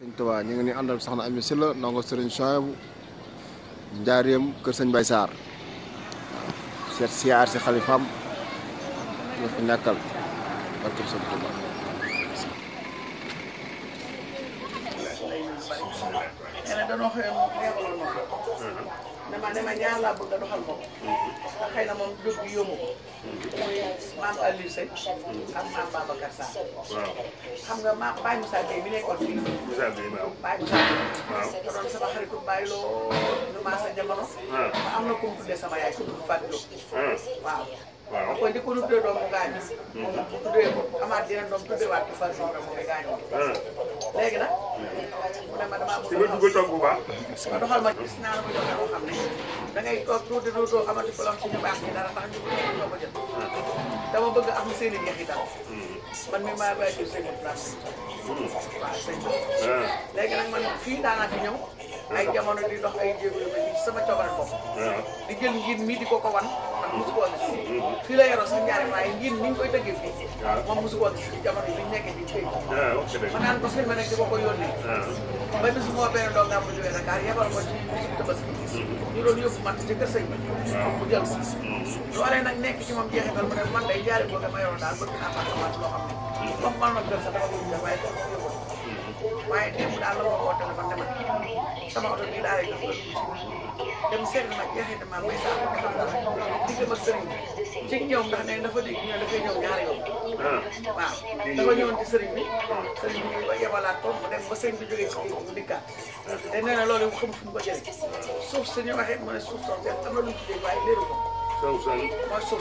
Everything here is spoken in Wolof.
sëñ ñu ngi ni àndal soxna Amy Sylla ndongo sëriñ Chouaïbou njaareem kër sëñ Bay Sarr waaw seet si xalifaam ñu fi nekkal dama dama ñaar laa bëgg a doxal ko te xëy na moom jur gi yóbbu ko muy maam Aliou Seck ak maam Babacar Sarr xam nga maam Baye Moussa Gueye bi nekkoon fii Moussa Gueye waaw Baye Moussa Gueye waaw doon sama xaritu Baye lool oh. maasa jamono. ma hmm. am na ku mu tuddee sama yaay ku tudd Fatou Diop. Hmm. waaw. waaw kon di ko tuddee doomu hmm. gaañu. moom mu tuddee ko amaat yeneen doom tuddeewaat ko mu ne ma damaa a. dugg toog bu baax. ma doxal ma gis naa la ma joxe loo xam ne da ngay toog tuuti a amati ko lool ci ñu baax ñi dara ndax ñu ko dootoo bëgg am seen i njeexital. man mi maa ngi waay jël seen i place. waaw léegi nag man fii daanaa fi ñëw. ay jamono di dox ay jéego yu mel nii sama coobare bopp. di ko ko wan. man mosu ko mm-hmm. la yoroon sax ñaari waaye ngir ni koy tëggee fii. waaw moom mosu ko gis ci jamono bi ñu nekkee ci la ma naan ko filmé di ko ko yónnee. waaw ba bis bu ma benn doom daa ma jógee Dakar yebal ko ci bisu tabaski. Mm-hmm. ñu doon yóbbu matt ci mu jël ko. Mm-hmm. loolee nag nekk ci moom jeexital mu ne man day jaari boo ko mayoon daal bëgg naa appartement loo xam ne. comme man ma gën sax dama ma woo téléphone sama oto bii laa leen dem seetlu ma jeexit maa may saa ko xam ndax digg ma sëriñ ci ñoom ndax nee dafa dégg ñu dafay ñëw ñaari yoon. waaw dafa ñëwoon ci sëriñ bi. sëriñ bi ba yebalaat ko mu dem ba sëriñ bi jógee kaw mu dikkaat. te nee na loolu xam fu mu ko jëlee suuf suñu waxee mu ne suuf soo jël am na lu ñu tuddee waaye leeru ko. suuf soo mooy suuf.